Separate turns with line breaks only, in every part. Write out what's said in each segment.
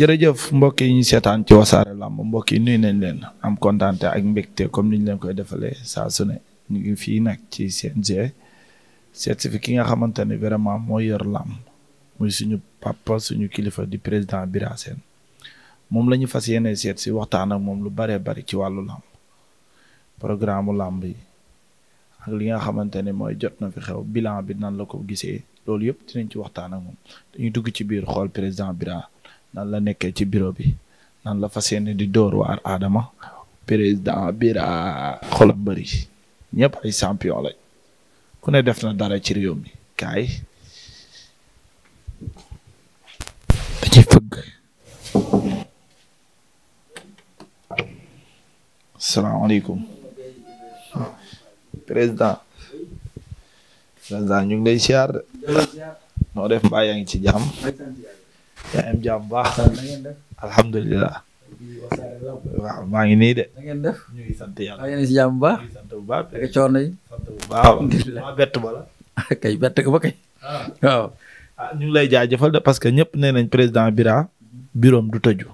jërëjëf mbokk yi ñu seetaan ci wasaare làmb mbokk yi nuyu nañ leen am kontaan ak mbégte comme ni ñu leen koy defalee saa su ne ñu ngi fii nag ci CNG seet si fi ki nga xamante ne vraiment moo yor làmb muy suñu papa suñu kilifa di président Bira Sène moom la fas yéene seet si waxtaan ak moom lu baree bari ci wàllu làmb programme làmb yi ak li nga xamante ne mooy jot na fi xew bilan bi nan la ko gisee loolu yëpp nañ ci waxtaan ak moom dañuy dugg ci biir xool président Bira nan la nekkee ci bureau bi nan la fas yéene di door waar aadama président biir a xolam bëri ñëpp ay champion lañ ku ne def na dara ci réew mi kay da ci fëgg salaamaaleykum président président ñu ngi lay siyaar noo def mbaa yaa ngi ci jàmm yaa am baax. alhamdulilah. waaw maa ngi nii de. na ngeen def ñu ngi sant
yàlla. maa ngi si bu baax. sant bu baax baax alhamdulilah bett ba
ba kay. Ah. waaw. Ah, ñu ngi lay jaajëfal de parce que ñëpp nee nañ président Bira. biroom du tëju.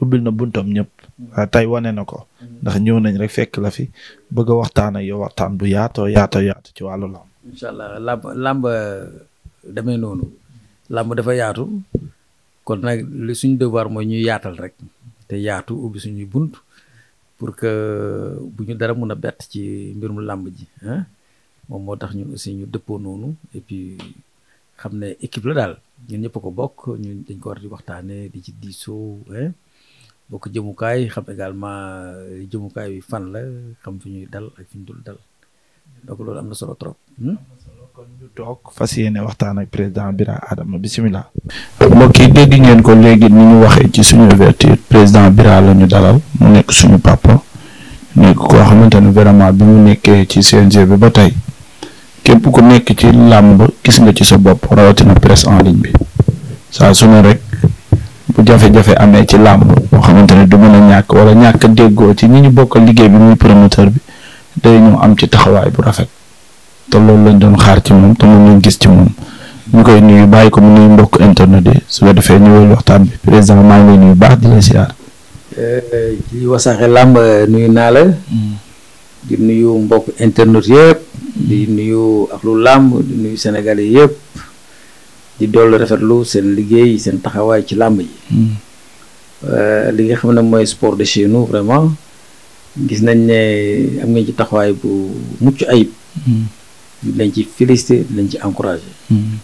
ubbil na buntam ñëpp. Mm-hmm. Ah, tey wane na ko. Mm-hmm. ndax ñëw nañ rek fekk la fi bëgg a waxtaan ak yow waxtaan bu yaatoo yaatoo yaatu ci wàllu lamb.
incha allah làmb làmb demee noonu. làmb dafa yaatu. kon nag li suñu devoir mooy ñuy yaatal rek te yaatu ubbi suñuy bunt pour que bu ñu dara mun a bett ci mbirum làmb ji moom moo tax ñu aussi ñu dëppoo noonu et puis xam ne équipe la daal ñun ñëpp ko bokk ñun dañ ko war di waxtaanee di ci diisoo bokk jëmukaay xam également euh, jëmukaay bi fan la xam fi ñuy dal ak fi ñu dul dal donc loolu am na solo trop. Hmm? kon toog
fas yéene waxtaan ak président Bira Adama bisimilah. mbokk yi dégg ngeen ko léegi ni ñu ci suñu ouverture président Bira la ñu dalal nekk suñu papa koo xamante ne vraiment bi mu nekkee ci CNG bi ba tey képp ku nekk ci làmb gis nga ci sa bopp rawatina presse en ligne bi saa su rek bu jafe-jafe amee ci làmb boo xamante ne du mën a ñàkk wala ñàkk déggoo ci ñi ñu bokkal liggéey bi muy promoteur bi day ñu am ci taxawaay bu rafet. te loolu lañ doon xaar ci moom te moom lañ gis ci moom ñu koy nuyu bàyyi ko mu nuyu mbokk internet yi su ko defee ñëwal waxtaan bi président maa ngi lay nuyu baax di la siyaar
ci eh, Wassare Lamb nuyu naa la mm. di nuyu mbokk internet yëpp di nuyu ak lu làmb di nuyu sénégalais yëpp di dollu rafetlu seen liggéey seen taxawaay ci làmb yi mm. eh, li nga xam ne mooy sport de chez nous vraiment gis nañ ne am ngeen ci taxawaay bu mucc ayib mm. lañ ci félicité lañ ci encouragé. Hmm.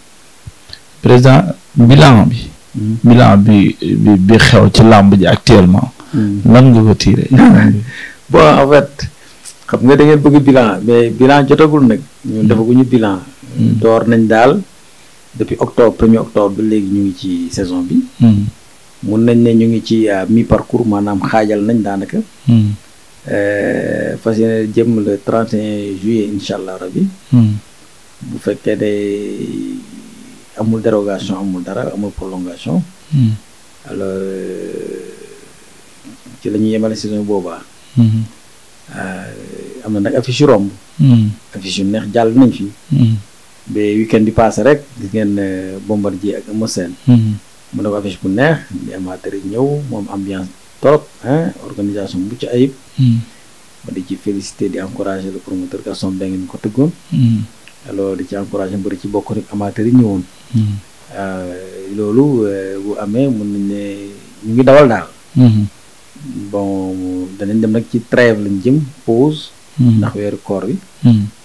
président bilan bi. Hmm. bilan bi bi xew ci làmb ji actuellement. Hmm. lan nga ko tiire.
bon en fait xam nga da ngeen bëgg bilan mais bilan jotagul nag. ñu defaguñu bilan. door nañ daal depuis octobre premier octobre ba léegi ñu ngi ci saison bi. mun nañ ne ñu ngi ci euh, mi parcours maanaam xaajal nañ daanaka. Euh, fas yéene jëm le 31 juillet incha allah rabi. Hmm. bu fekkee ne amul dérogation amul dara amul prolongation. Hmm. alors euh, ci la yemale saison boobaa. Hmm. Euh, am na nag affiche yu romb. affiche neex jàll nañ fi. ba weekend bi passé rek gis ngeen Bombardier ak Eumeu Sène. mu ne ko affiche bu neex di amateur ñëw moom ambiance. trop hein organisation bu ci ayib. ma hmm. di ci félicité di encouragé la promoteur Gaston Mbengue mi ko tëggoon. Hmm. alors di ci encouragé mbëri ci bokk rek amateur yi ñëwoon. Hmm. Euh, loolu euh, bu amee mun na ne ñu ngi dawal daal. bon danañ dem nag ci trêve lañ jëm pause. ndax weeru koor bi.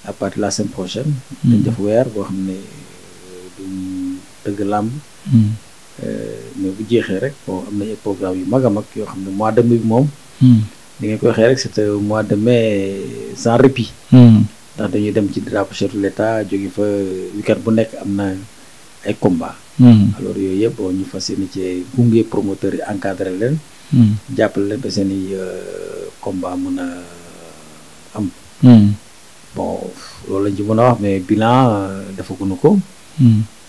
à la semaine prochaine. dañ def weer boo xam ne euh, duñ dëgg làmb. Euh, mais bu jeexee rek bon am nañu programme yu mag a yoo xam ne mois de mais bi moom. Hmm. ni ngeen ko waxee rek c'est mois de mais sans répit. Hmm. ndax dañuy dem ci drapeau chef de l'État jóge fa week bu nekk am na ay combats. Hmm. alors yooyu yëpp ñu fa yéene ci gunge promoteurs yi encadré leen. jàppale leen ba seeni i euh, mun mën a am. bon loolu lañ mën a wax mais bilan euh, defaguñu ko.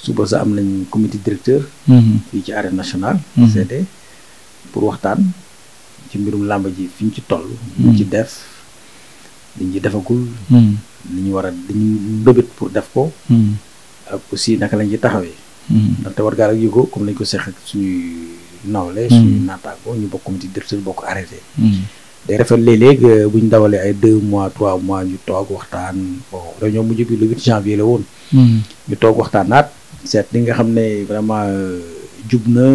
suba sa am nañ comité directeur. Mhm. fii ci arène nationale. Mhm. CD pour waxtaan ci mbirum làmb ji fi ñu ci toll. Mhm. ñu ci def liñ ci defagul. li ñu war a li ñu mbëbët pour def ko. ak aussi naka lañ ci taxawee. ndaxte war ngaa rek yëgoo comme lañ ko seq ak suñuy nawle. suñuy naataangoo ñu bokk comité directeur bokk arrêté. day rafet léeg-léeg euh, bu ñu dawalee ay deux mois trois mois ñu toog waxtaan bon réunion mujj bi le huit janvier la woon.
ñu
toog waxtaan naat seet li nga xam ne vraiment euh, jub na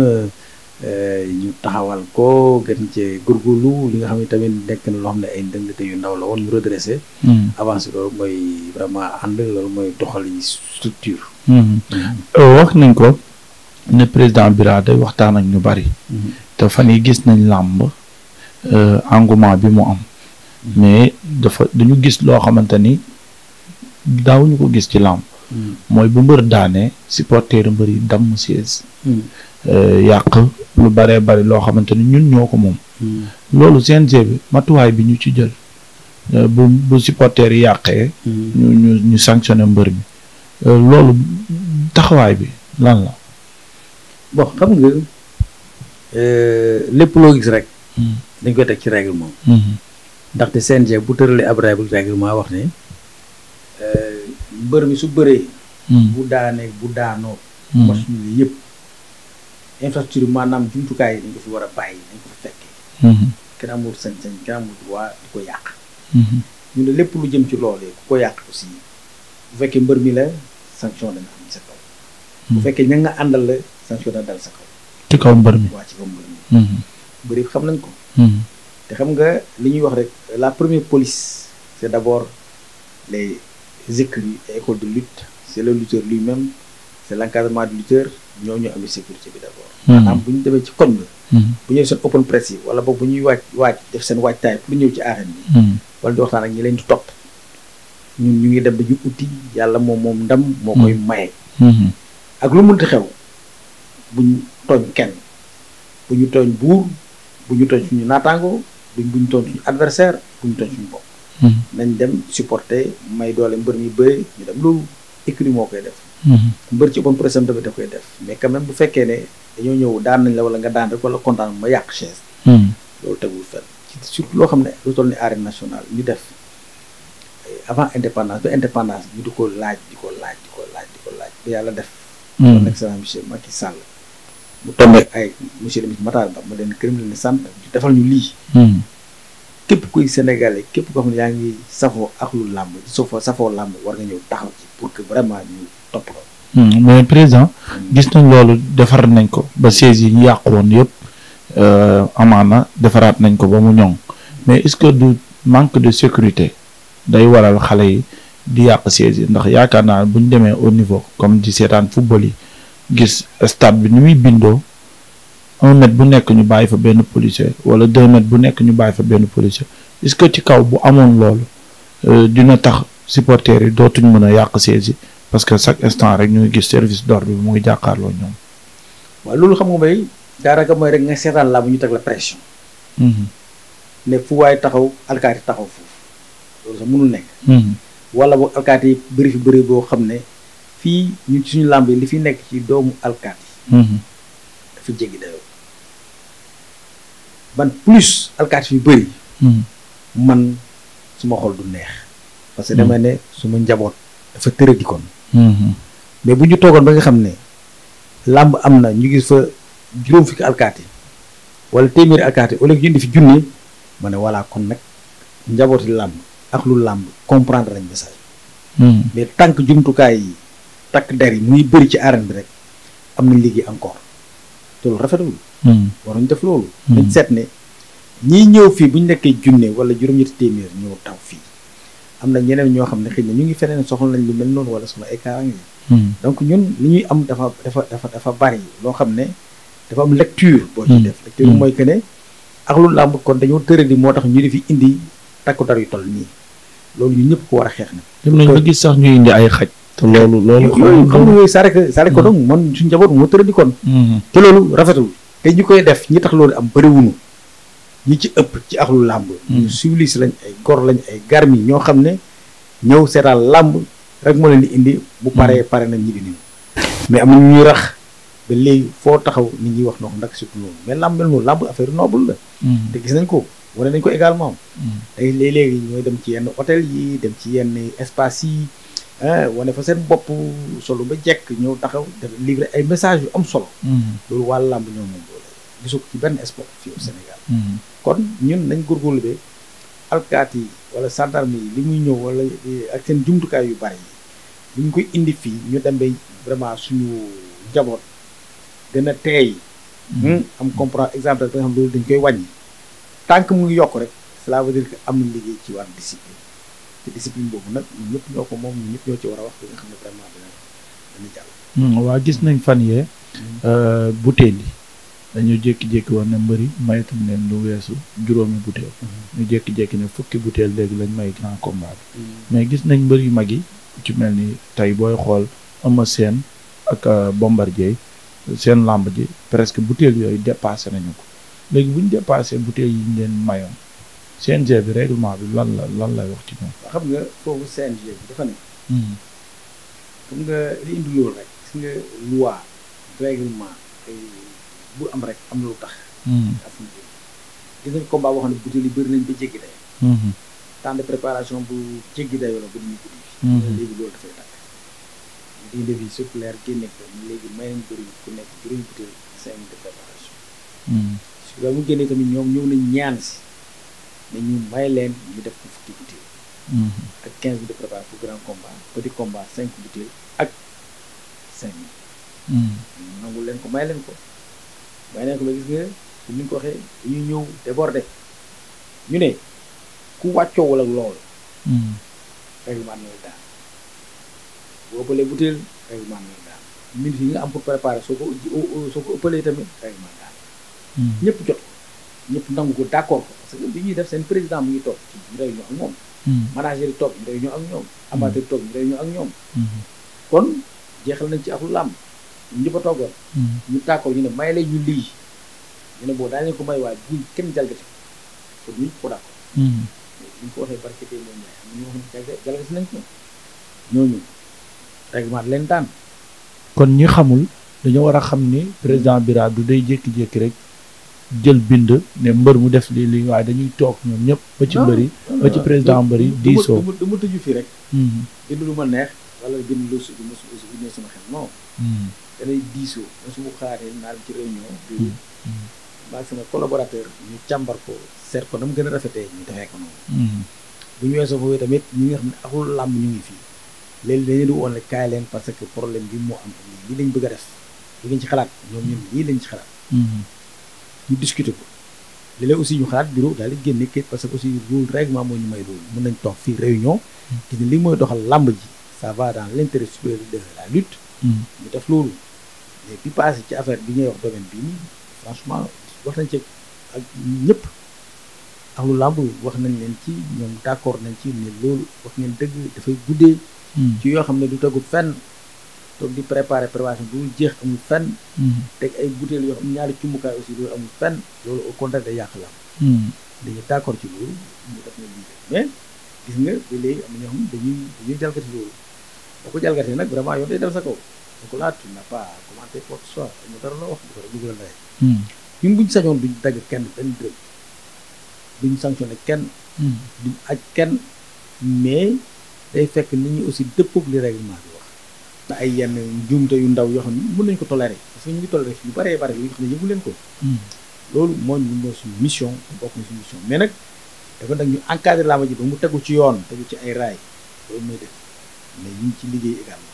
euh, ñu taxawal ko gën cee góorgóorlu li nga xam ne tamit nekk na loo xam ne ay ndëngte yu ndaw la woon ñu redressé. Hmm. avancé loolu mooy vraiment ànd mooy doxal yi
hmm. hmm. euh, wax nañ ko ne président Bira day waxtaan ak ñu bari. te fan yi gis nañ làmb engouement bi mu am. mais dafa dañu gis loo xamante ni daawuñu ko gis ci làmb. mooy bu mbër daanee supporter mbër yi damm siis euh, yàq lu baree bari loo xamante ni ñun ñoo ko moom loolu CNG bi matuwaay bi ñu ci jël euh, bu bu supporter yi yàqee ñu ñu ñu mbër bi euh, loolu taxawaay bi lan la
bon xam nga lépp loo gis rek hmm. dañ koy teg ci règlement hmm. ndaxte CNG bu tëralee ab règlement wax ne mbër mi su bëree. Hmm. bu daanee bu daanoo. machine hmm. yooyu yëpp infrastructure maanaam jumtukaay yi dañ ko fi war a bàyyi dañ ko fa fekkee. Hmm. kenn amul sañ-sañ kenn amul droit di ko yàq. ñu ne lépp lu jëm ci loolee ku ko yàq aussi bu fekkee mbër mi la sanction dana am sa kaw. bu fekkee ña nga àndal la sanction dana dal sa kaw.
ci
kaw mbër mi
waa ci kaw mbër mi. mbër xam nañ ko. te xam nga li ñuy wax rek la première police c'est d'abord les. écuries et écoles de lutte c'est le lutteur lui-même c'est l'encadrement de lutteur ñoo ñu amee sécurité bi d'abord. Hmm. maanaam bu ñu demee ci koñ bi. Hmm. bu ñëwee seen open press yi wala boog bu ñuy waaj waaj def seen waajtaay pour ñëw ci arène bi. Hmm. wala di waxtaan ak ñi leen di topp ñun ñu ngi dem ba dañu uti yàlla moom moom ndam. moo koy maye. ak lu mënti xew buñ tooñ kenn bu ñu tooñ buur bu ñu tooñ suñu naataango buñ bu ñu tooñ suñu adversaire bu ñu tooñ suñu bopp. Mhm. nañ dem supporter may doole mbër mi bëri ñu dem loolu écrit moo koy def mhm. mbër ci open presse am tamit da koy def mais quand même bu fekkee ne dañoo ñëw daan nañ la wala nga daan rek wala kontaan ma yàq chaise mhm. loolu tegul fenn surtout loo xam ne lu toll ni arène nationale ñu def eh, avant indépendance ba indépendance ñu di ko laaj di ko laaj di ko laaj di ko laaj ba yàlla def mon excellent monsieur Macky ma leen gërëm leen defal ñu lii képp kuy sénégale képp koo xam ne yaa ngi safoo ak lu làmb safoo safoo làmb war nga ñëw taxaw ci vraiment ñu topp
hmm, hmm. gis nañ loolu defar nañ ko ba sièges yi ñu yàquwoon yëpp euh, amaana defaraat nañ ko ba mu ñoŋ mais est-ce que du manque de sécurité day walal xale yi di yàq sièges yi ndax yaakaar naa bu ñu demee au niveau comme di seetaan football yi gis stade bi ni muy bindoo. un mètre bu nekk ñu bàyyi fa benn policier wala deux mètres bu nekk ñu bàyyi fa benn policier est que ci kaw bu amoon loolu euh, dina tax supporters yi dootuñu mën a yàq siège parce que chaque instant rek ñu gis service d'ordre bi mu ngi jàkkaarloo ñoom.
waaw loolu xam nga bay daanaka mooy rek nga seetaan laa bu ñu teg la pression. Mm-hmm. ne fu waaye taxaw alkaati taxaw foofu loolu sax mënul nekk. Mm-hmm. wala boog alkaati yi bëri fi bëri boo xam ne fii suñu làmb li fi nekk ci doomu alkaati. man plus alkaati yu bëri. Hmm. man suma xol du neex. parce que dama hmm. ne suma njaboot dafa tëradi kon. Hmm. mais bu ñu toogoon ba nga xam ne làmb am na ñu gis fa juróom fukki alkaati wala téeméeri alkaati au lieu que ñu indi fi ma ne voilà kon nag njabooti làmb ak lu làmb comprendre nañ message. mais tànk jumtukaay yi takk dar yi muy bëri ci arène bi rek am nañ liggéey encore. te loolu rafetul. Hmm. waruñ def loolu. Hmm. dañ seet ne ñiy ñëw fii bu ñu nekkee junne wala juróom-ñetti téeméer ñëw taw fii am na ñeneen ñoo xam ne xëy na ñu ngi feneen soxla nañ lu mel noonu wala soxla ay kaaraange. donc ñun lu ñuy am dafa dafa dafa dafa bari loo xam ne dafa am lecture.
boo ci hmm. def lecture
mooy que ne ak lu làmb kon dañoo tëral moo tax ñu di fi indi takku dar yu toll nii loolu ñu ñëpp ko war a xeex na.
dem nañ gis sax ñu indi ay xaj. te loolu loolu. yooyu yooyu
saare saare ko hmm. dong man suñu njaboot moo kon. Hmm. te loolu rafetul ñu koy def ñi tax loolu am bëriwunu ñi ci ëpp ci axlu làmb. Hmm. ñu lañ ay gor lañ ay garmi ñoo xam ne ñëw seetaan làmb rek moo leen di indi. bu paree pare nañ ñi di mais amuñu ñuy rax ba léegi foo taxaw nit ñi wax noonu ndax surtout loolu mais làmb mel noonu làmb affaire noble la. te gis nañ ko wane nañ ko également. tey léeg-léeg ñooy dem ci yenn hôtel yi dem ci yenn espace yi. Eh, wane fa seen bopp solo ba jekk ñëw taxaw def livrer ay message yu am solo mm-hmm. loolu waa làmb ñoo moom loolu gisu ko ci benn sport fii au Sénégal mm-hmm. kon ñun nañ góorgóorlu be alkaat yi wala gendarme yi li muy ñëw wala eh, ak seen jumtukaay yu bari yi ñu koy indi fii ñu dem ba vraiment suñu njaboot gën a teey
mm-hmm. hmm?
am comprendre exemple ba nga xam loolu dañ koy wàññi tant que mu ngi yokk rek cela veut dire que am na liggéey ci war discipline te boobu nag ñun ñoo ko moom ñëpp ñoo ci war a wax
hmm, waa gis nañ fan yee hmm. euh, butéel yi dañoo jékki-jékki woon ne mbëri maytuñ leen lu weesu juróomi butéel. Hmm. ñu jékki-jékki ne fukki butéel léegi lañ may grand combat mais gis nañ mbëri yu mag yi ci mel ni tey booy xool Eumeu Sène ak euh, Bombardier seen làmb ji presque butéel yooyu dépassé nañu ko léegi buñ ñu dépassé butéel yi ñu leen mayoon. CNG bi règlement bi lan la lan lay wax ci ñoom.
xam nga foofu CNG bi dafa ne. Hmm. xam nga li indi loolu rek gis nga loi règlement bu am rek am na lu tax. Hmm. gis nga combat boo xam ne butéel yi bëri nañ ba jéggi dayoo. Hmm. temps de préparation bu jéggi dayoo la bu ñu guddi. léegi loolu dafay tàkk. di defi circulaire génne ko léegi may nañ bëri ku nekk juróomi butéel cinq de préparation. su mu génnee tamit ñoom ñëw nañ ñaan si. ne ñu may leen ñu def ko fukki butéel mhm. ak quinze bi de préparation pour grand combat petit combat cinq butéel ak cinq mhm. nangu leen ko may leen ko may ko ba gis nga comme ni ko waxee dañuy ñëw déborder ñu ne ku wàccoowul ak loolu mhm. règlement nooy daan boo ëppalee butéel règlement nooy daan minutes yi nga am pour préparer soo ko ëppalee tamit règlement
daan
ñëpp jot ñépp nangu ko d' accord ko parce que bi ñuy def seen président mu ngi toog ñu réunion ak moom. Hmm. manager yi toog ñu réunion ak ñoom. Hmm. amateur toog ñu réunion ak ñoom. Hmm. kon jeexal nañ ci ak lu làmb ñu ba toogoon. ñu d' ñu ne may lay ñu lii ñu ne boo daañu ko may waaye bu kenn jalgati pour ñu ko d' accord. ñu ko waxee barke tey ñu wax ne nañ ko ñooñu règlement leen daan.
kon ñi xamul dañoo war a xam ni président Bira du day jékki-jékki rek. jël bind ne mbër mu def lii lii waaye dañuy toog ñoom ñëpp ba ci ah, mbëri ah, ba ci ah. président mbëri diisoo du
ma tëju fii rek mhm. bind lu ma neex wala bind lu su ma su ñëw sama xel non mhm. danay sumu xalaatee naa ci réunion bi mhm. maag collaborateur ñu càmbar ko seet ko gën a rafetee ñu defee bu ñu weesoo foofu tamit ñi nga xam ne axul làmb ñu ngi fii léegi dañu di woon kaay leen parce que problème bi moo am lii lañ bëgg a def li lañ ci xalaat ñoom lii lañ ci xalaat ñu discuter ko léeg-léeg aussi ñu xalaat biro daal di génne kayit parce que aussi loolu règlement moo ñu may loolu mën nañ toog fii réunion te li mooy doxal làmb ji ça va dans l'intérêt supérieur de la lutte mm. ñu def loolu mais bi passé ci affaire bi ñuy wax domaine bii nii franchement wax nañ ci ak ñëpp ak lu làmb wax nañ leen ci ñoom d'accord nañ ci ne loolu wax ngeen dëgg dafay guddee mm. ci yoo xam ne du tegu fen toog di préparer préparation bu jeex amul fenn. Hmm. teg ay butéel yoo xam ñaari cumbukaay aussi loolu amul fenn loolu au yàq la hmm. dañu d'accord ci loolu ñu na lii mais gis nga ba léegi am na ñoo xam dañuy dañuy jalgati loolu boo ko jalgatee nag vraiment yow day dem sa kaw donc là tu n'as pas commenté quoi que ce soit mu dara la wax bu ko rek dugal ndey ñun buñ sañoon duñ dagg kenn benn dërëm duñ sanctionné kenn hmm. duñ aj kenn mais day fekk nit ñi aussi dëppoog li règlement bi te ay yenn njuumte yu ndaw yoo xam ne mën nañ ko toléré parce que ñu ngi toléré yu bëree bëri yu nga xam ne yëgu leen ko. Hmm. loolu mooy ñu mooy suñu mission bokk na suñu mission mais nag dafa nag ñu encadré làmb ji ba mu tegu ci yoon tegu ci ay raay loolu mooy def mais ñu ngi ci liggéey également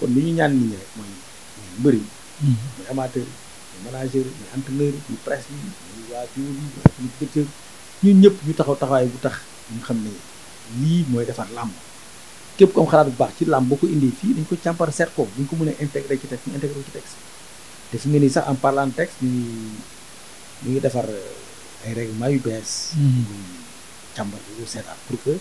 kon li ñu ñaan nit ñi rek mooy mooy mbëri yi. Hmm. muy amateur waa POV ñun ñëpp ñu taxaw taxawaay bu tax ñu xam ne lii mooy defar làmb. képp ko am xalaat bu baax ci làmb boo ko indee fii dañ ko càmpar seet ko bu ñu ko mën a intégré ci texte ñu intégré ko ci texte te fi mu ne nii sax en parlant texte ñu ngi ngi defar euh, ay règlement yu bees. Mm-hmm. ñu càmbar di ko seetaat pour que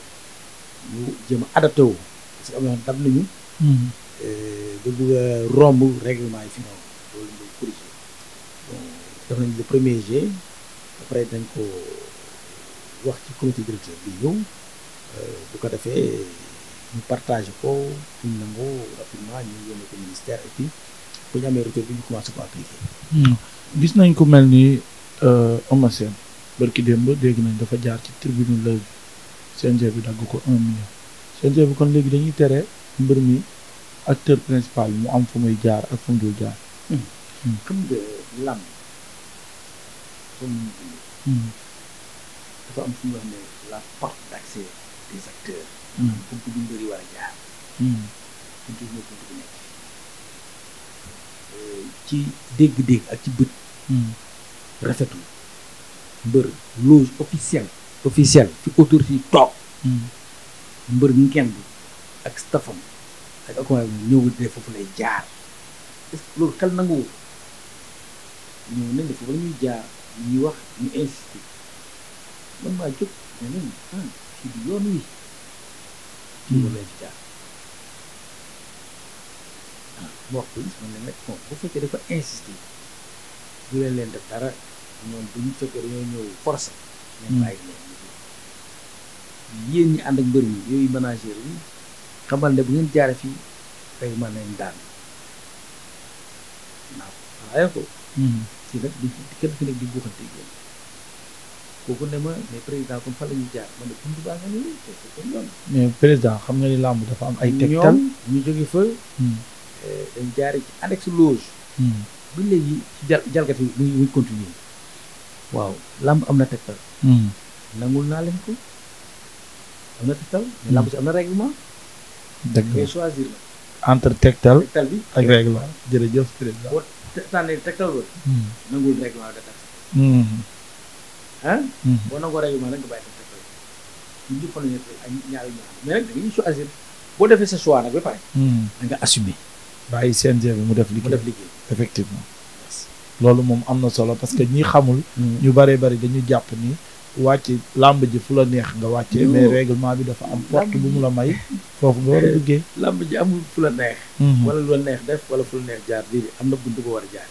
ñu jéem a adapté wu parce que am nañu. Mm-hmm. Euh, ba bëgg romb réglement yi fi noonu loolu mooy corrigé bon def nañ le premier jet après dañ ko euh, wax ci comité directeur bi ñëw bu ko defee. partage ko ñu nangu rapidement ñu yónnee ko ministère et bu ñu amee retour bi ñu commencé ko appliquer.
Hmm. gis nañ ko mel ni Omar euh, Sène barki démb dégg nañ dafa jaar ci tribunal la CNG bi dagg ko un million CNG bi kon léegi dañuy tere mbër mi acteur principal mu am fu may jaar ak fu mu dul jaar. Hmm. Hmm.
la Mm. bunt bi mbër yi war a jaar mm. bi mooy bunt euh, ci dégg-dégg ak ci bët mm. rafetul mbër loge officielle officielle fi autorité yi toog mbër mi kenn bi ak staffam ak akomaay bi ñëw de foofu lay jaar est-ce que loolu xel nanguwu ñëw nañ dafa war ñuy jaar ñuy wax ñu insisté man maa jóg ne nañ ah ci du yoon wi jiw lañ ci yi bu fekkee dafa insister bu leen leen def dara ñoom bu ñu fekkee dañoo ñëw forcé hmm. leen bàyyi ànd ak mbër mi yooyu manager yi xamal ne bu ngeen jaare fii tey mën nañ daan waaye ko. ci hmm. nag kenn ku nekk di buuxante kooku ne ma mais président comme fa la ñuy jaar man ne bunt
mais président xam nga ni làmb dafa am ay tegtal ñu jóge fa hmm.
eh, dañ jaare ci annexe loge hmm. ba léegi ci jal jalgati mu continuer waaw làmb am na tegtal hmm. nangul naa leen ko am na tegtal mais làmb si am na règlement dëgg la choisir
la entre tegtal tegtal bi ak règlement jërëjëf président boo
tànnee tegtal nangul règlement de ah. boo nangoo rajo ma nag nga bàyyi ko sa projet ñun ñëpp ñaar mais nag da ngay boo defee sa choix nag ba pare.
Mm-hmm. da nga assumer. bàyyi CNG bi mu def liggéey mu def liggéey effectivement. loolu moom am na solo parce que ñi xamul. Mm-hmm. ñu bëree bëri dañu jàpp ni. wàcc làmb ji fu la neex nga wàcce mais règlement bi dafa am porte bu mu la may. foofu nga war a duggee. làmb
ji amul fu la neex. wala lu neex def wala fu la neex jaar lii am na bunt boo war a jaar.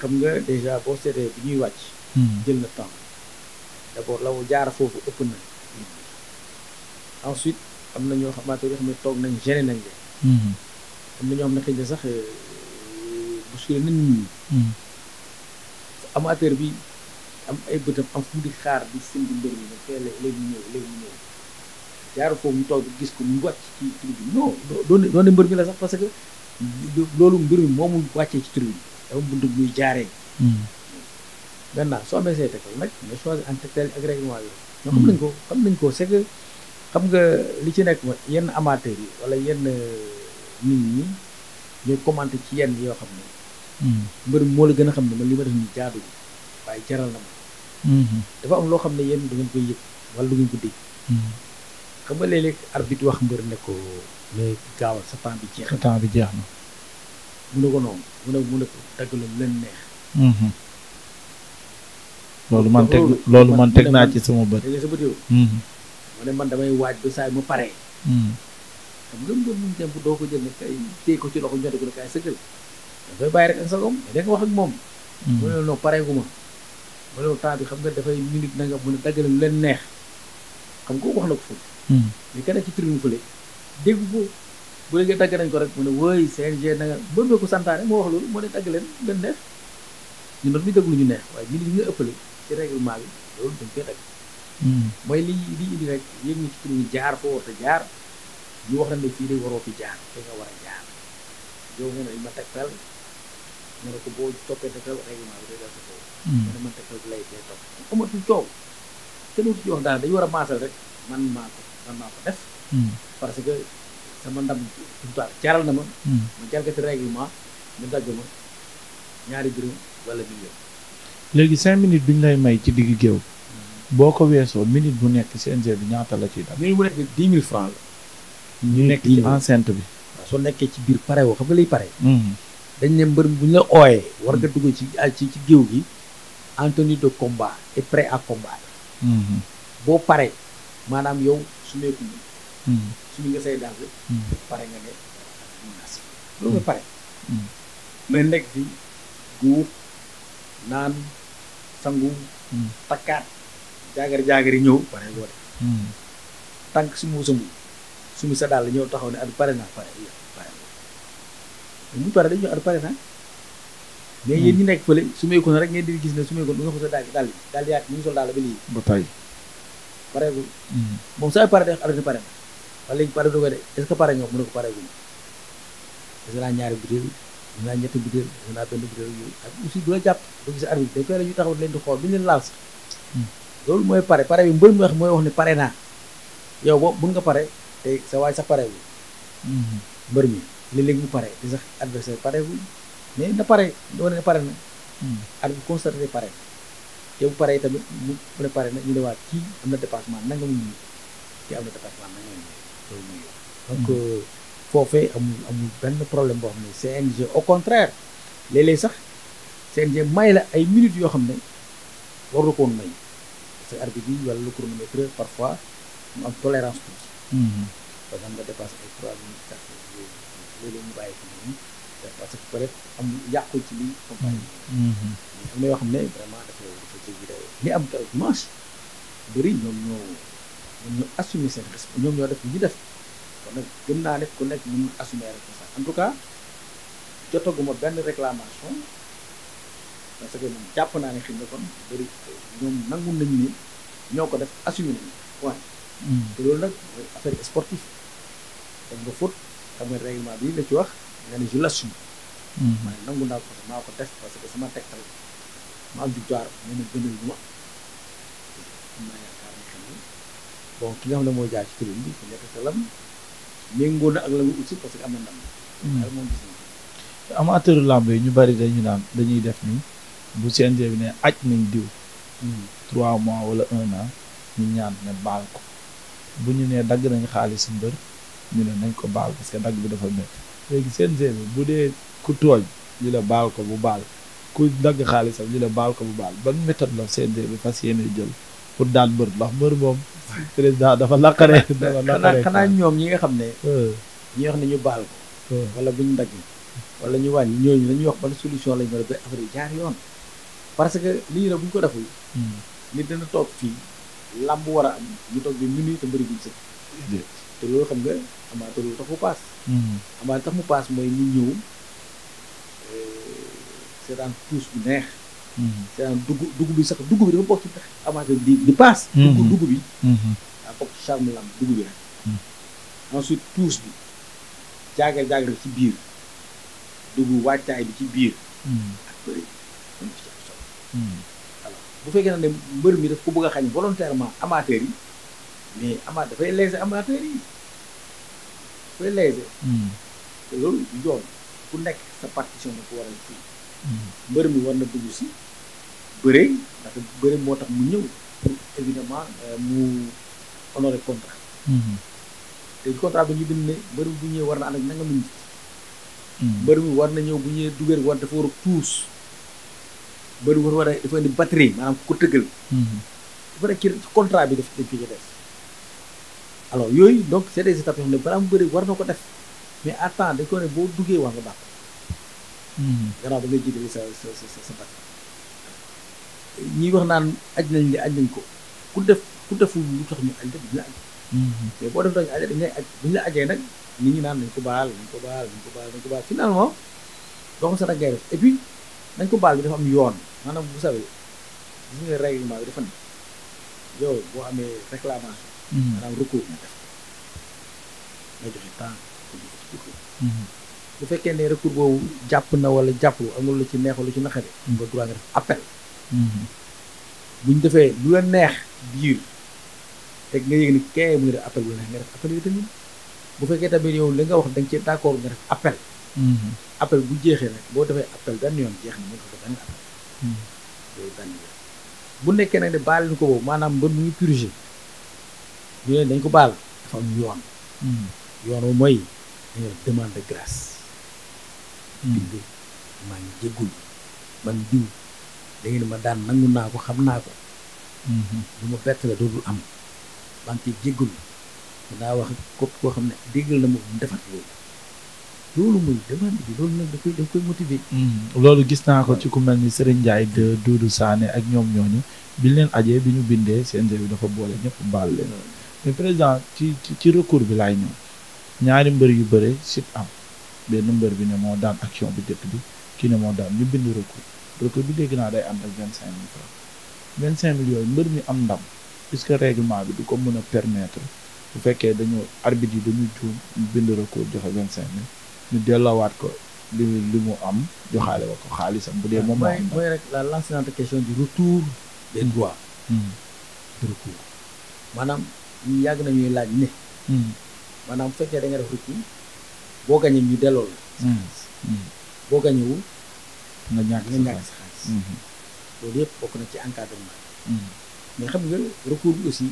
xam nga déjà boo seetee bi ñuy wàcc. Hmm. jël na temps d' la mu jaar foofu ëpp na. ensuite am na ñoo xamante ne xam ne toog nañ gêné nañ hmm. am na ñoo xam ne xëy na sax euh, bousculé nañ ñuy ñi. Hmm. amateur bi am ay bëtam am fu di xaar di sindi mbir mi nag teel a léegi ñëw léegi jaar foofu ñu toog gis ko mu wàcc ci tribune non doon doon mbir mi la sax parce que loolu mbir mi moomu wàccee ci tribune. dafa bunt buy jaaree. Hmm. maintenant soo amee say ko nag nga choisir entre tel ak règlement ñoo xam hmm. nañ ko xam nañ ko c'est xam nga li ci nekk yenn amateur yi wala yenn nit ñi ñooy commenté ci yenn yoo xam ne. Hmm. mbër moo la gën a xam ne li ma def nii jaadu waaye jaral na ma. dafa am loo xam ne yéen da ngeen koy yëg wala du ngeen ko dégg. xam nga léeg-léeg arbitre wax mbër ne ko mais gaawal sa temps bi jeex na. temps bi jeex na. mu ne ko noonu mu ne mu ne ko dagg lu leen neex.
Mhm. loolu man teg loolu man teg naa ci sama bët. yow.
Mhm. ma ne man damay waaj ba saa mu paree. Mhm. xam nga mbër mu dem doo ko ne ko ci loxo ñoom ko ne kay sa gom nga wax ak moom. mu ne non pareegu ma. mu ne temps xam nga dafay minute na nga mun a daggal lu leen neex xam nga wax na ko foofu. mais kenn ci tribune fële dégg ko. bu déggee tàgg nañ ko rek mu ne wooy CNG na nga mbër mi ko santaane moo wax loolu moo ne tàgg leen leen neex ñu ne ñu waaye ñu ñu nga ëppale ci règlement bi hmm. mooy li li indi rek jaar foo war a jaar ñu wax nañ ne fii de waroo jaar da nga war a jaar yow nga ne ma tegtal nga ne ko boo toppee tegtal règlement bi day dal sa kaw nga ne man tegtal bi lay day topp amatul coow kenn ci wax daal dañu war a maasal rek man maa ko man maa ko def hmm. sama ndam suñu jaral na ma. Hmm. ma jalgati règlement ñu dagg ma ñaari dërëm wala million.
léegi cinq minutes bi ñu lay may ci diggu géew hmm. boo ko weesoo minute bu nekk CNG bi ñaata la ci def. minute bu nekk bi dix mille francs la. ñu nekk ci enceinte bi. waaw
soo nekkee ci biir pare woo xam nga lay pare. Hmm. dañ ne mbër bu ñu la ooyee. war nga dugg ci ah, ci ci géew gi. en de combat et prêt à combattre. boo pare maanaam yow su nekkul. suñu nga say dàll hmm. pare hmm. hmm. mais nekk fi góor naan ñëw pare boo def su mu sumb sumb sa dàll ñëw taxaw ne at pare naa pare pare bu pare dañu at pare naa mais yéen su may ko rek ngeen di gis ne su may ko du nga ko sa dàll dàll dàll yaat mu ngi sol dàll ba lii ba tey pareegul moom saa pare day arrêté pare na wala léegi pare du ko de est ce que pare nga mu ne ko pare guñ gis naa ñaari butéel gis naa ñetti butéel gis naa benn butéel yooyu ak aussi du la jàpp ba gis arbitre taxaw leen di xool du ñu leen laal hmm. loolu mooy pare pare bi mbër mi wax mooy wax ne pare naa yow boo mun nga pare te sa pare hmm. mbër mi léeg-léeg mu pare te sax adversaire pare wu mais na pare doo ne pare na hmm. arbitre constaté pare yow pare tamit mu ne pare na ñu ne waa kii am na dépassement nanga mu ñi kii am na dépassement nanga mu ñi donc hmm. euh, foofee amul amul benn problème boo xam ne CNG au contraire léeg sax CNG may la ay minutes yoo xam ne war na ko may parce que arbitre bi wala le chronomètre parfois mu am tolérance tuuti. Hmm. parce que nga dépassé bàyyi ko nii parce que peut être am yàqu ci li compagnie hmm. mais am na yoo xam ne vraiment dafa dafa li am keroog dimanche bëri ñoom ñoo. ñu assumer seen responsabilité ñoom ñoo def li ñu def kon nag gën naa ne ku nekk mën na assumer responsabilité en tout cas jotaguma benn réclamation parce que moom jàpp naa ne xëy na kon bëri ñoom nangu nañu ñoo ko def assumer nañu point mm. loolu nag mooy nga fóot xam nga bi la ci wax nga ne je l'assume ma mm. ne naa ko maa parce que sama tegtal ma am victoire moo ma gënal lu ma am naa yaakaar ne xëy na bon ki nga xam ne mooy jaay ci commune bi nekk xelam méngoo na ak la mu aussi parce que am
na ndam. Hmm.
daal làmb yi ñu bari dañu naan dañuy def ni bu CNG bi ne aj nañ diw. Hmm. trois mois wala un an ñu ñaan ne baal ko bu ñu nee dagg nañ xaalis mbër ñu ne nañ ko baal parce que dagg bi dafa métti léegi CNG bi bu dee ku tooñ ñu la baal ko bu baal ku dagg xaalisam ñu la baal ko bu baal ban méthode la CNG bi fas yéene jël pour daan mbër ndax mbër moom. président dafa laqaree. dafa laqaree xanaa
ñoom ñi nga xam ne. ñi wax ne ñu baal ko. wala buñ ñu yi wala ñu wàññi ñooñu la ñuy wax ban solution lañ mën a ba jaar yoon. parce que li ñu bu buñ ko deful. Hmm. nit dana toog fii làmb war a am ñu toog bi minute te bëri bi sëkk. te xam nga amateur lu tax mu paas. Hmm. amateur tax mu paas mooy ñu ñëw euh, seetaan tuus bu neex. c'est-à-dire dugub bi sax dugub bi dafa bokk ci avancé di di paas. dugub mhm. dugub bi. daa bokk ci charme lamb dugub bi rek. Mhm. ensuite tuus bi jaagar jaagar ci biir dugub wàccaay bi ci biir. Mhm. ak bëri bu fekkee ne mbër mi rek ko bëgg a xañ volontairement amateurs yi mais ama dafay léser amateurs yi dafay léser. te loolu yoon ku nekk sa partition nga ko war a ji. mbër mi war na dugg si. bëre parce que bëre moo tax mu ñëw pour évidemment euh, mu honoré contrat. Mm-hmm. te contrat bi ñu bind ne mbër bu ñëwee war na ànd ak nit. Mm-hmm. mbër mi war na ñëw bu ñëwee duggee war dafa war a tuus. mbër war war a dafa indi batterie maanaam ku ko tëggal. Mm-hmm. dafa nekk ci contrat bi daf dañ ko ci def. alors yooyu donc c'est des étapes yoo xam ne balaa mu bëri war na ko def mais à temps dañ ko ne boo duggee wax nga baax. gannaaw ba ngay sa sa sa ñi wax naan aj nañ li aj nañ ko ku def ku deful lu tax ñu aj dañu la aj mhm. mais boo def dañu aj dañu lay aj bu ñu la nag nit ñi naan nañ ko baal nañ ko baal nañ ko baal nañ ko baal finalement doo ko sax ngay def nañ ko baal bi dafa am maanaam vous savez gis nga règlement bi dafa yow boo amee réclamation mhm. maanaam recours nga joxe temps mhm. bu fekkee ne recours boobu jàpp na wala jàppul amul lu ci neexul lu ci naqari nga droit nga def appel Mm-hmm. buñ defee lu la neex diir te nga yëg bu neex nga def appel tamit bu fekkee tamit li nga wax da cee d'accord nga def mm-hmm. appel. bu jeexee nag boo defee appel benn yoon jeex na mu mm-hmm. bu nekkee nag ne baal nañu ko boobu maanaam mbër mu ngi purgé ñu dañ ko baal dafa am yoon. yoon wu mooy demande de grâce. maa ngi jéggul man diw. léegi ma daan nangu naa ko xam naa ko. Mhm. lu ma bett la dootul am. maa ngi ciy jégalu dinaa wax képp koo xam ne déggal na ma defar loolu. loolu muy demande bi loolu nag da koy koy motiver.
Mhm. loolu gis naa ko ci ku mel ni Serigne Ndiaye de Doudou ak ñoom ñooñu bi leen ajee bi ñu bindee CNG bi dafa boole ñëpp baal leen. mais président ci ci recours bi laay ñëw ñaari mbër yu bëre sit am benn mbër bi ne moo daan action bi jëkk bi kii ne moo daan ñu bind recours. que bi dégg naa day ànd ak vingt cinq mille francs vingt cinq mille yooyu mbër mi am ndam puisque règlement bi du ko mën a permettre bu fekkee dañu arbitre yi dañu juum ñu bind recours joxe vingt cinq mille ñu delloowaat ko li li mu am joxaale wa ko xaalisam bu dee moom mooy mooy rek la
lancinante question du retour
des de hmm. recours
maanaam ñu yàgg na ñuy laaj ne hmm. maanaam bu fekkee da nga def recours boo gañee ñu delloo
la hmm. boo gañewul nga ñàkk nga ñàkk sa xaalis
mhm. loolu yëpp bokk na ci encadrement mhm. mais xam nga recours aussi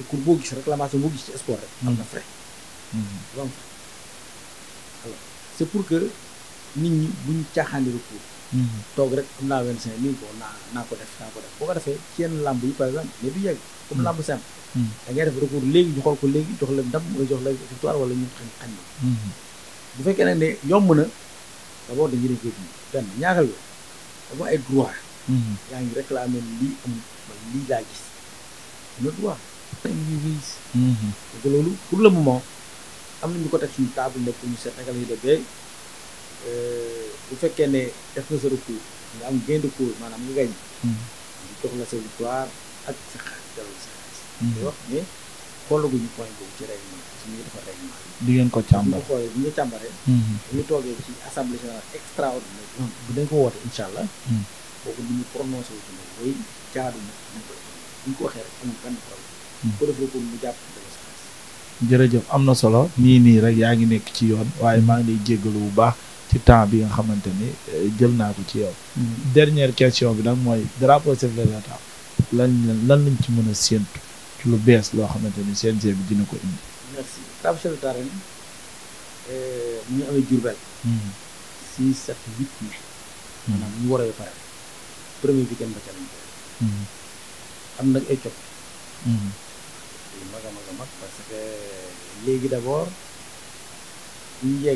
recours boo gis réclamation boo gis ci sport rek am na mhm. frais dafa am c'est pour que nit ñi bu ñu caaxaandi recours toog rek am naa wenn cinq mille bon naa naa ko def naa ko def boo ko defee ci yenn làmb yi par exemple mais du yegg comme làmb simple da ngay def recours léegi ñu xool ko léegi jox la ndam wala jox la victoire wala ñu xañ xañ bu fekkee nag ne yomb na d'abord dañu dañ koy benn ñaareel la dafa ay droit mhm. yaa ngi réclamé lii am man lii laa gis na droit mhm. pour le moment am nañu ko teg suñu table ne pour ñu Sénégal yi de bee euh, bu fekkee ne def nga sa recours nga am gain de maanaam nga gañ ñu
mhm.
jox la sa victoire ak sa xaalis dalal sa xaalis wax mais xoolaguñu point
di ngeen ko càmbar
mhm. bu ñu toogee ci assemblée générale dañ mhm. ko woote incha allah. Mhm. kooku du ko waxee
rek jërëjëf am na solo nii nii rek yaa ngi nekk ci yoon waaye maa ngi lay bu baax ci temps bi nga xamante ni eh, jël naa ko ci yow. dernière question bi nag mooy drapeau chef de l'État lan lan lañ ci mën a séentu. ci lu bees loo xamante ni CNG bi dina ko indi.
merci Pape Cheikh Dara ni euh, mu ngi amee hmm. hmm. hmm. am nag ay copp. mag parce que léegi d' bu ñu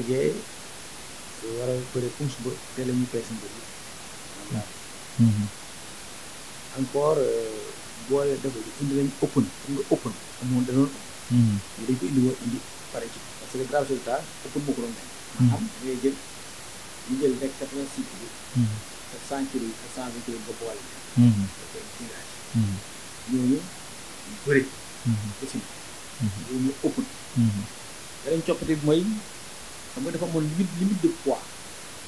war a pare comme suba teel a ñu koy encore. Euh, boole dafa indi nañ open xam nga open amoon danoon open hmm. mais dañ ko indi woon indi pare ci parce que grave résultat open moo ko doon nekk hmm. maanaam da ngay jël ñu jël nekk quatre vingt six kilos hmm. ak cent kilos ak cent vingt kilos nga boole ko tirage ñooñu bëri aussi ñooñu open beneen coppite bi mooy xam nga dafa amoon limite limite de poids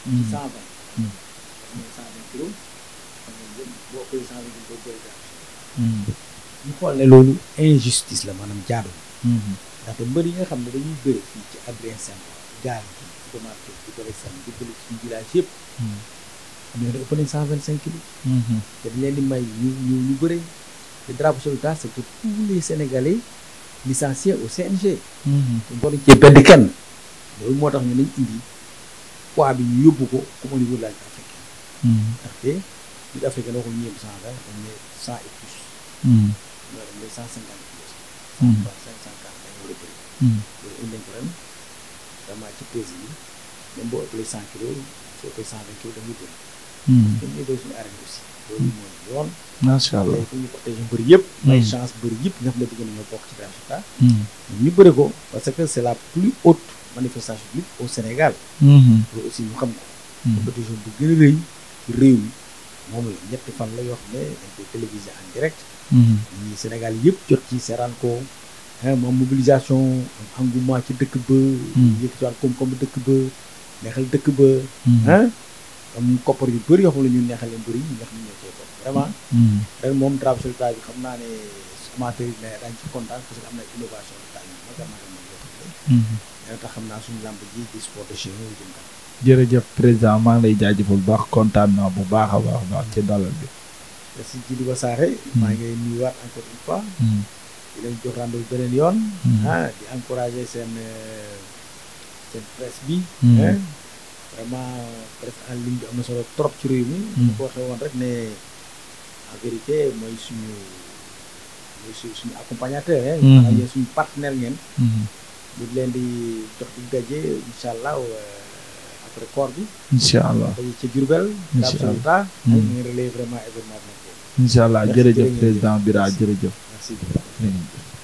ci cent vingt dafa amoon cent vingt kilos xam nga boo koy cent vingt kilos boo koy daal ñu xool ne loolu injustice la maanaam jaadu mhm. ndaxte mbër yi nga xam ne dañuy bëri fii ci Adrien Senghor gaal bi domarke bi bëri san di bëri ci yëpp mhm. am na ëpp nañ cent vingt cinq kilos mhm. te dañ le drapeau solidaire c'est que tous les Sénégalais licenciés au CNG ñu ko cee benn kenn loolu moo tax nañ indi poids bi ñu yóbbu ko comme au niveau de
l'Afrique
Sud africaine waxuñu yëpp cent vingt dañ cent et cent cinquante plus. cent cent quarante dañoo la yi même boo da ngay bëri. parce que dañuy doon suñu arène aussi. loolu mooy yoon. macha allah léegi ñu protégé mbër yëpp. bëri ko parce que c' la plus haute manifestation publique au Sénégal. aussi ñu xam ko. compétition bu gën a rëy moom la ñetti fan la yoo xam ne dañ koy direct. Mhm. ñi Sénégal yëpp jot ci seeraan ko. mobilisation am engouement ci dëkk ba. Mhm. yëkkatiwaat koom-koom dëkk ba neexal dëkk ba. Mhm. am koppar yu bëri yoo xam ne ñu neexalee mbir yi ñoo xam ne ñoo cee vraiment. ren moom Drapeau sur le xam naa ne amateurs yi daañu ci kontaan parce que am na innovation yu taal yi xam naa suñu làmb ji di sport de
chez nous jërëjëf président maa ngi lay jaajëfal bu baax kontaan bu baax a baax baax ci dalal bi.
merci si Wassare. Hmm. maa ngi lay nuyuwaat encore une fois. Hmm. di leen jox rendez-vous beneen yoon. Hmm. ah di encourager seen euh, seen presse bi. Eh, vraiment presse en ligne bi am na solo trop ci réew mi. ñu ko rek ne en vérité mooy suñu mooy suñu accompagnateur. Eh. maanaam suñu partenaire ngeen. ñu leen di jox di daje incha allah. Euh, après koor bi. incha allah ci Diourbel. incha allah hmm. ñu ngi relayer vraiment événement bi.
incha allah jërëjëf président Bira jërëjëf. merci